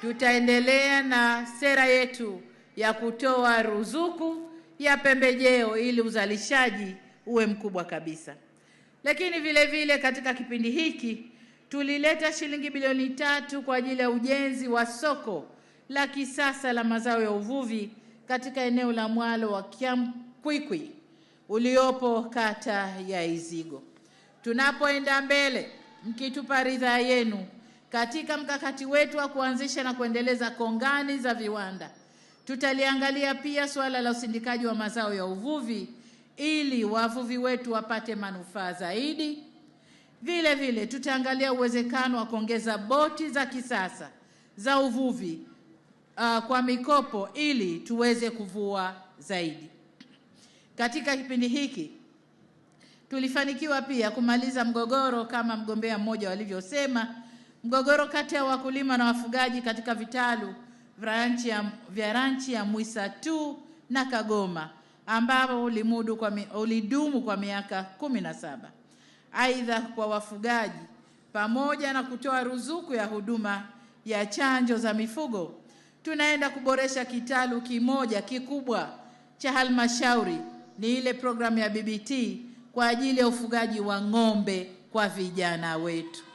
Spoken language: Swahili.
tutaendelea na sera yetu ya kutoa ruzuku ya pembejeo ili uzalishaji uwe mkubwa kabisa. Lakini vile vile katika kipindi hiki tulileta shilingi bilioni tatu kwa ajili ya ujenzi wa soko la kisasa la mazao ya uvuvi katika eneo la mwalo wa kiamkwikwi uliopo kata ya Izigo. Tunapoenda mbele, mkitupa ridhaa yenu katika mkakati wetu wa kuanzisha na kuendeleza kongani za viwanda, tutaliangalia pia suala la usindikaji wa mazao ya uvuvi ili wavuvi wetu wapate manufaa zaidi. Vile vile tutaangalia uwezekano wa kuongeza boti za kisasa za uvuvi uh, kwa mikopo ili tuweze kuvua zaidi. Katika kipindi hiki tulifanikiwa pia kumaliza mgogoro kama mgombea mmoja walivyosema Mgogoro kati ya wakulima na wafugaji katika vitalu vya ranchi ya Mwisa2 na Kagoma ambapo ulimudu kwa, ulidumu kwa miaka kumi na saba. Aidha, kwa wafugaji pamoja na kutoa ruzuku ya huduma ya chanjo za mifugo, tunaenda kuboresha kitalu kimoja kikubwa cha halmashauri, ni ile programu ya BBT kwa ajili ya ufugaji wa ng'ombe kwa vijana wetu.